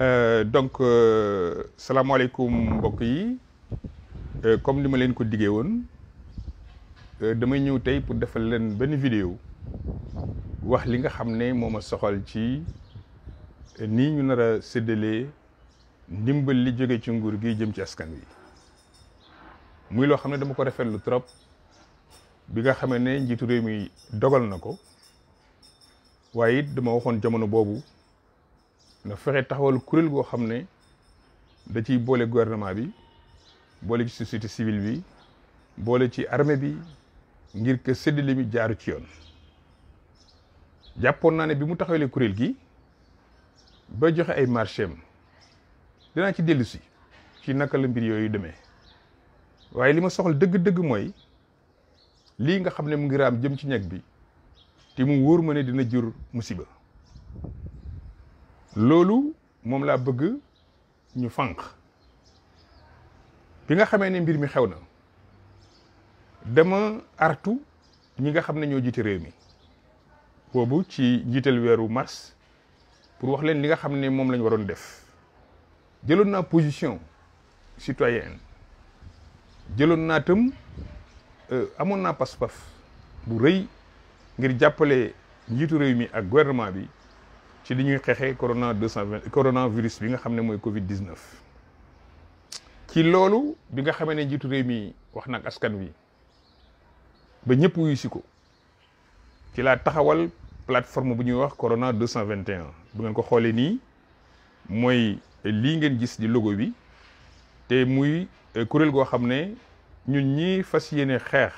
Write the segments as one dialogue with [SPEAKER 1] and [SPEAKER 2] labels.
[SPEAKER 1] Euh, donc euh, salaamaaleykum mbokk yi euh, comme li ma leen ko diggee woon damay ñëw tey pour defal leen benn vidéo wax li nga xam ne moo ma soxal ci nii ñu nar a séddalee ndimbal li jóge ci nguur gi jëm ci askan wi muy loo xam ne dama ko rafetlu trop bi nga xamee ne njiitu réew mi dogal na ko waaye it dama waxoon jamono boobu. na fexe taxawal kuréel goo xam ne da ciy boole gouvernement bi boole ci société civile bi boole ci armée bi ngir que séddale bi jaaru ci yoon jàppoon naa ne bi mu taxawalee kuréel gi ba joxe ay marché am dinaa ci dellusi ci naka la mbir yooyu demee waaye li ma soxla dëgg-dëgg mooy lii nga xam ne mu ngir am jëm ci ñeg bi te mu wóor ma ne dina jur musiba loolu moom laa bëgg ñu fànq bi nga xamee ne mbir mi xew na dama artu ñi nga xam ne ñoo jiite réew mi boobu ci njiital weeru mars pour wax leen li nga xam ne moom lañ waroon def jëloon naa position citoyenne jëloon naa tam euh, amoon naa pas-pas bu rëy ngir jàppale njiitu réew mi ak gouvernement bi ci li ñuy corona 220 coronavirus bi nga xam ne mooy Covid 19. ci loolu bi nga xamee ne njiitu réew mi wax nag askan wi ba ñëpp wuyu si ko ci laa taxawal plateforme bu ñuy wax Corona 221. bu ngeen ko xoolee nii mooy lii ngeen gis di logo bi te muy euh, kuréel goo xam ne ñun ñii fas yéene xeex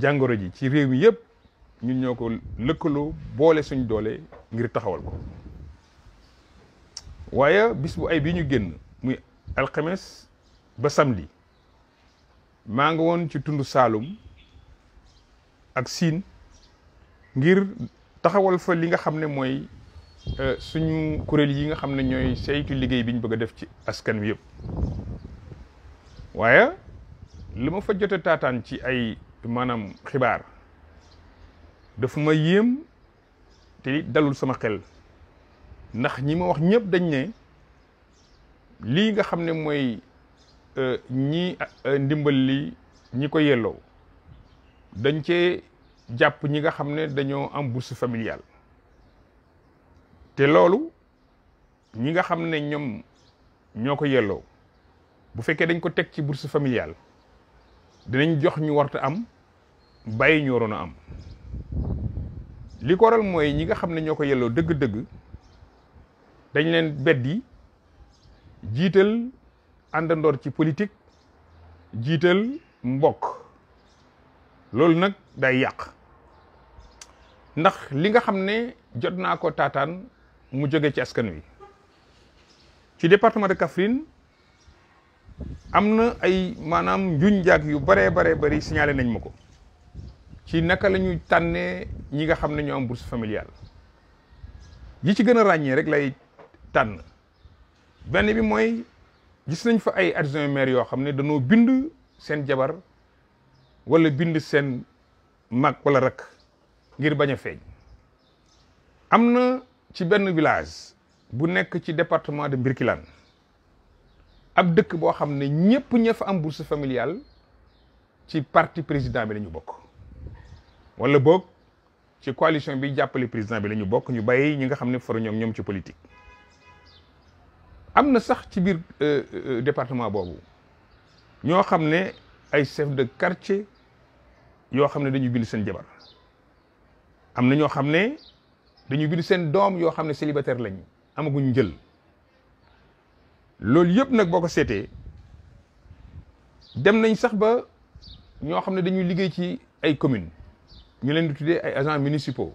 [SPEAKER 1] jàngoro ji ci réew mi yëpp ñun ñoo ko lëkkaloo boole suñ doole. ngir taxawal ko waaye bis bu ay bi ñu génn muy alxemes ba samedi maa ngi woon ci tund Saalum ak Siin ngir taxawal fa li nga xam ne mooy euh, suñu kuréel yi nga xam ne ñooy saytu liggéey bi ñu bëgg a def ci askan wi yëpp waaye li ma fa jote taataan ci ay maanaam xibaar dafa ma yéem te dalul sama xel ndax ñi ma wax ñépp dañ ne lii nga xam ne mooy euh, ñii euh, ndimbal li ñi ko yelloo dañ cee jàpp ñi nga xam ne dañoo am bourse familiale te loolu ñi nga xam ne ñoom ñoo ko yelloo bu fekkee dañ ko teg ci bourse familiale dinañ jox ñu warta am bàyyi ñu waroon a am li ko waral mooy ñi nga xam ne ñoo ko yelloo dëgg-dëgg dañ leen beddi jiital àndandoor ci politique jiital mbokk loolu nag day yàq ndax li nga xam ne jot naa ko taataan mu jóge ci askan wi ci département de Kaffrine am na ay maanaam njuñ njaag yu baree baree bari signalé nañ ma ko ci naka la ñuy tànnee ñi nga xam ne ñoo am bourse familiale yi ci gën a ràññee rek lay tànn benn bi mooy gis nañ fa ay adjoint maire yoo xam ne dañoo bind seen jabar wala bind seen mag wala rakk ngir bañ a feeñ am na ci benn village bu nekk ci département de Birkilane ab dëkk boo xam ne ñépp ña am bourse familiale ci parti président bi la bokk wala bok ci coalition bi jappalé président bi lañu bok ñu bàyyi ñi nga xamné ne faru ñom ci politique amna sax ci bir euh, euh, département bobu ño xamné ay chef de quartier yo xamné ne dañu bind sen jabar amna ño xamné xam dañu bind sen dom yo xamné célibataire lañ amaguñ njël loolu yëpp nag boo ko seetee dem nañ sax ba ño xamné ne dañuy liggéey ci ay communes ñu leen di tuddee ay agents municipaux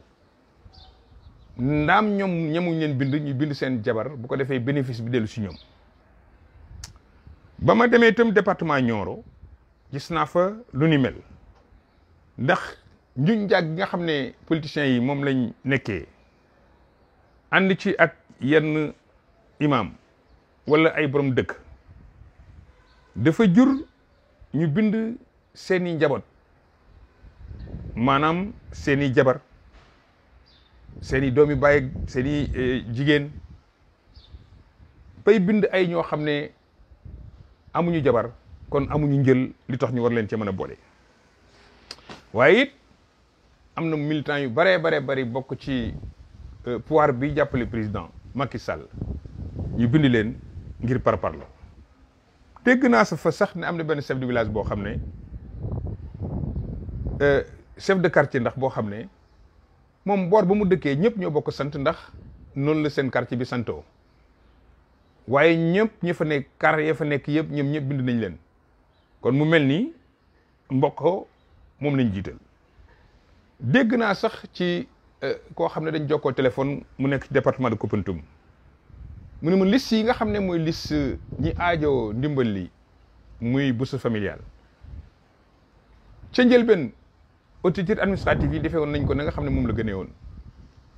[SPEAKER 1] ndaam ñoom ñemuñ leen bind ñu bind seen jabar bu ko defee bénéfice bi dellu si ñoom ba ma demee tam département ñooro gis naa fa lu ni mel ndax njuñ njàgg nga xam ne politiciens yi moom lañ nekkee ànd ci ak yenn imam wala ay borom dëkk dafa jur ñu bind seeni njaboot maanaam seeni jabar seeni doomi bàyyi seeni eh, jigéen bay bind ay ñoo xam ne amuñu jabar kon amuñu njël li tax ñu war leen ci mën a boole waaye it am na militant yu baree bare bari bokk ci eh, pouvoir bi jàppale président Macky Sall ñu bind leen ngir parparlo dégg naa sa fa sax ne am na benn chef village boo xam ne eh, chef de quartier ndax boo xam ne moom boor ba mu dëkkee ñëpp ñoo bokk sant ndax noonu la seen quartier bi santoo waaye ñëpp ñi fa nekk kar ya fa nekk yëpp ñoom ñëpp bind nañ leen kon mu mel ni mbokk moom lañ jiital dégg naa sax ci euh, koo xam ne dañ jokkoo téléphone mu nekk ci département de Koupentoum mu ne ma liste yi nga xam ne mooy liste ñi aajo ndimbal li muy bourse familial ca njëlbeen autorité administrative yi defee woon nañ ko na nga xam ne moom la gënee woon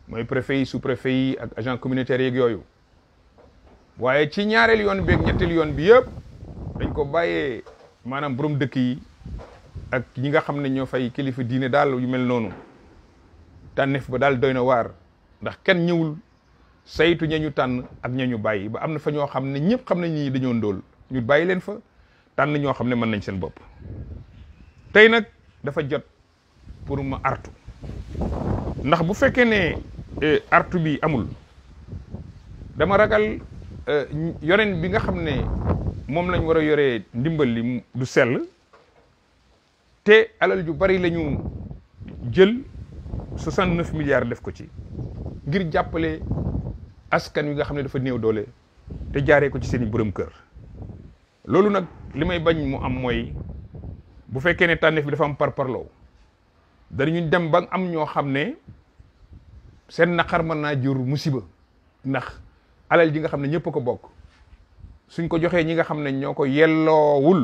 [SPEAKER 1] mooy préfet yi sous préfet yi ak agent communautaire yeeg yooyu waaye ci ñaareel yoon bi ak ñetteel yoon bi yëpp dañ ko bàyyee maanaam borom dëkk yi ak ñi nga xam ne ñoo fay kilifa diine daal yu mel noonu fu ba daal doy na waar ndax kenn ñëwul saytu ña ñu tànn ak ña ñu bàyyi ba am na fa ñoo xam ne ñëpp xam nañ ni dañoo ndool ñu bàyyi leen fa tànn ñoo xam ne mën nañ seen bopp nag dafa jot. pour ma artu ndax bu fekkee ne eh, artu bi amul dama ragal eh, yoreen bi nga xam ne moom lañ war a yoree ndimbal li du sell te alal ju bari la ñu jël soixante neuf milliards def ko ci ngir jàppale askan wi nga xam ne dafa néew doole te jaaree ko ci seeni i borom kër loolu nag li may bañ mu am mooy bu fekkee ne tànneef bi dafa am parparloo danañu dem ba am ñoo xam ne seen naqar mën naa jur musiba ndax alal ji nga xam ne ñëpp ko bokk suñ ko joxee ñi nga xam ne ñoo ko yelloowul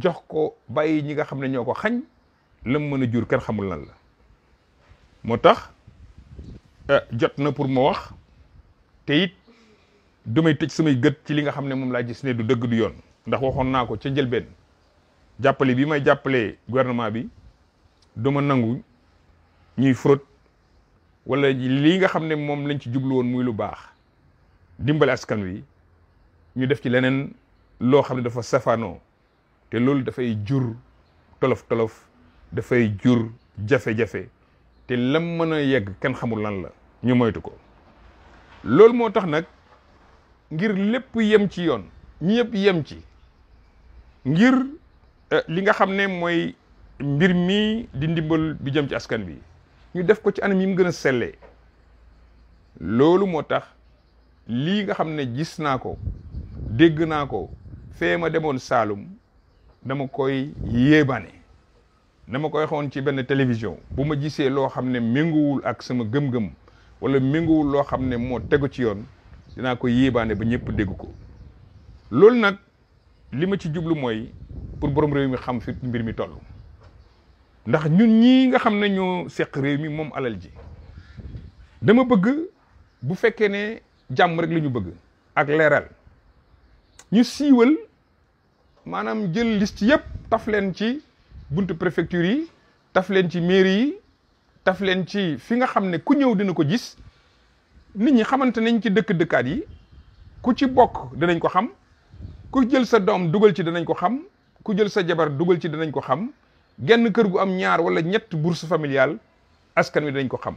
[SPEAKER 1] jox ko bàyyi ñi nga xam ne ñoo ko xañ lam mën a jur kenn xamul lan la moo tax eh, jot na pour ma wax te it dumay tëj samay gët ci li nga xam ne moom laa gis ne du dëgg du yoon ndax waxoon naa ko ca njëlbeen jàppale bi may jàppale gouvernement bi du nangu ñuy fraude wala lii nga xam ne moom lañ ci jublu woon muy lu baax dimbale askan wi ñu def ci leneen loo xam ne dafa safaanoo te loolu dafay jur tolof-tolof dafay jur jafe-jafe te lam mën a yegg kenn xamul lan la ñu moytu ko loolu moo tax nag ngir lépp yem ci yoon ñëpp yem ci ngir eh, li nga xam ne mooy mbir mii di ndimbal bi jëm ci askan bi ñu def ko ci anam yi mu gën a sellee loolu moo tax lii nga xam ne gis naa ko dégg naa ko fee ma demoon Saalum dama koy yéebane dama koy xoon ci benn télévision bu ma gisee loo xam ne ménguwul ak sama gëm-gëm wala ménguwul loo xam ne moo tegu ci yoon dinaa ko yéebaane ba ñëpp dégg ko loolu nag li ma ci jublu mooy pour borom réew mi xam fi mbir mi toll ndax ñun ñii nga xam ne ñoo seq réew mi moom alal ji dama bëgg bu fekkee ne jàmm rek la ñu bëgg ak leeral ñu siiwal maanaam jël liste yëpp taf leen ci bunt préfecture yi taf leen ci mairie yi taf leen ci fi nga xam ne ku ñëw dina ko gis nit ñi xamante nañ ci dëkk dëkkaat yi ku ci bokk danañ ko xam ku jël sa doom dugal ci danañ ko xam ku jël sa jabar dugal ci danañ ko xam genn kër gu am ñaar wala ñett bourse familiale askan wi dañ ko xam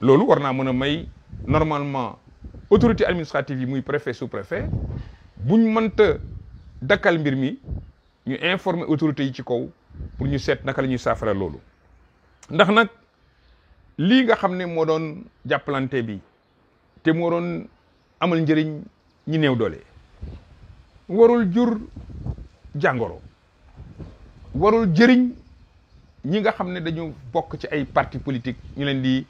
[SPEAKER 1] loolu war naa mën a may normalement autorité administrative yi muy préfet sous préfet buñ mënta dakkal mbir mi ñu informer autorités yi ci kaw pour ñu seet naka la saafara loolu ndax nag lii nga xam ne moo doon jàppalante bi te moo doon amal njëriñ ñi néew doole warul jur jàngoro warul jëriñ ñi nga xam ne dañu bokk ci ay parti politique ñu leen di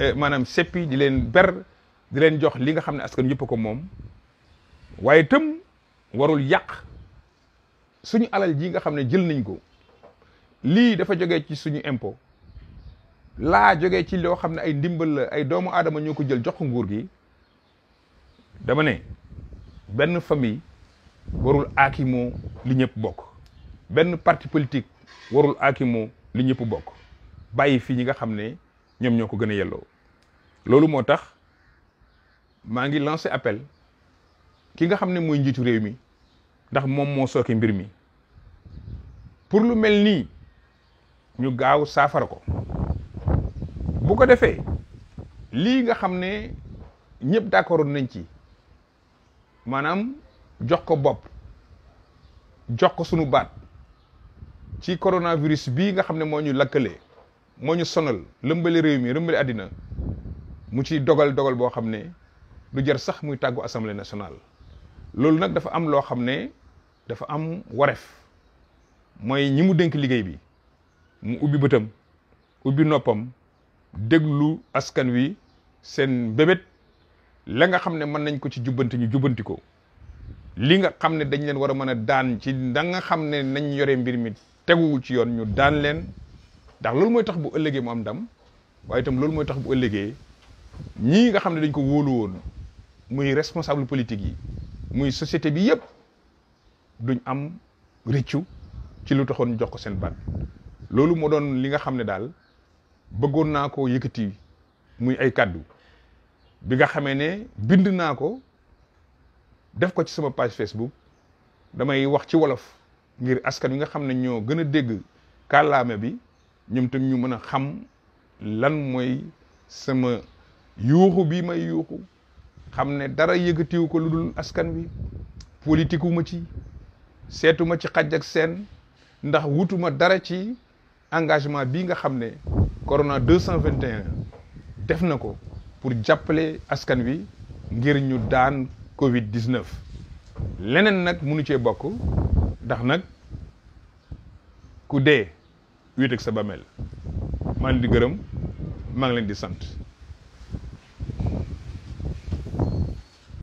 [SPEAKER 1] euh, maanaam seppi di leen ber di leen jox li nga xam ne askan yëpp ko moom waaye itam warul yàq suñu alal ji nga xam ne jël nañ ko lii dafa jógee ci suñu impôt laa jógee ci loo xam ne ay ndimbal la ay doomu aadama ñoo ko jël jox ko nguur gi dama ne benn famille warul aakimo li ñëpp bokk benn parti politique warul aakimu lu ñëpp bokk bàyyi fii ñi nga xam ne ñoom ñoo ko gën a yelloo loolu moo tax maa ngi lancé appel ki nga xam ne mooy njiitu réew mi ndax moom moo sooke mbir mi pour lu mel nii ñu gaaw saafara ko bu ko defee lii nga xam ne ñëpp d'accord nañ ci maanaam jox ko bopp jox ko sunu baat ci coronavirus bii nga xam ne moo ñu lakkale moo ñu sonal lëmbale réew mi lëmbale àddina mu ci dogal dogal boo xam ne lu jar sax muy tàggu assemblée nationale loolu nag dafa am loo xam ne dafa am wareef mooy ñi mu denk liggéey bi mu ubbi bëtam ubbi noppam déglu askan wi seen mbébét la nga xam ne mën nañ ko ci jubbanti ñu jubbanti ko li nga xam ne dañ leen war a mën a daan ci da nga xam ne nañ yore mbir mi teguwul ci yoon ñu daan leen ndax loolu mooy tax bu ëllëgee mu am ndam waaye itam loolu mooy tax bu ëllëgee ñii nga xam ne dañ ko wóolu muy responsable politique yi muy société bi yépp duñ am rëccu ci lu taxoon jox ko seen baat loolu moo doon li nga xam ne daal bëggoon naa ko yëkkati muy ay kàddu bi nga xamee ne bind naa ko def ko ci sama page Facebook damay wax ci wolof ngir askan wi nga xam ne ñoo gën a dégg kàllaame bi ñoom tam ñu mën a xam lan mooy sama yuuxu bi may yuuxu xam ne dara yëkkatiw ko lu dul askan wi politique ma ci seetuma ci xaj ak seen ndax wutuma dara ci engagement bi nga xam ne Corona 221 def na ko pour jàppale askan wi ngir ñu daan Covid 19 leneen nag munu cee bokk ndax nag ku dee wéet ak sa bamel maa ngi di gërëm maa ngi leen di sant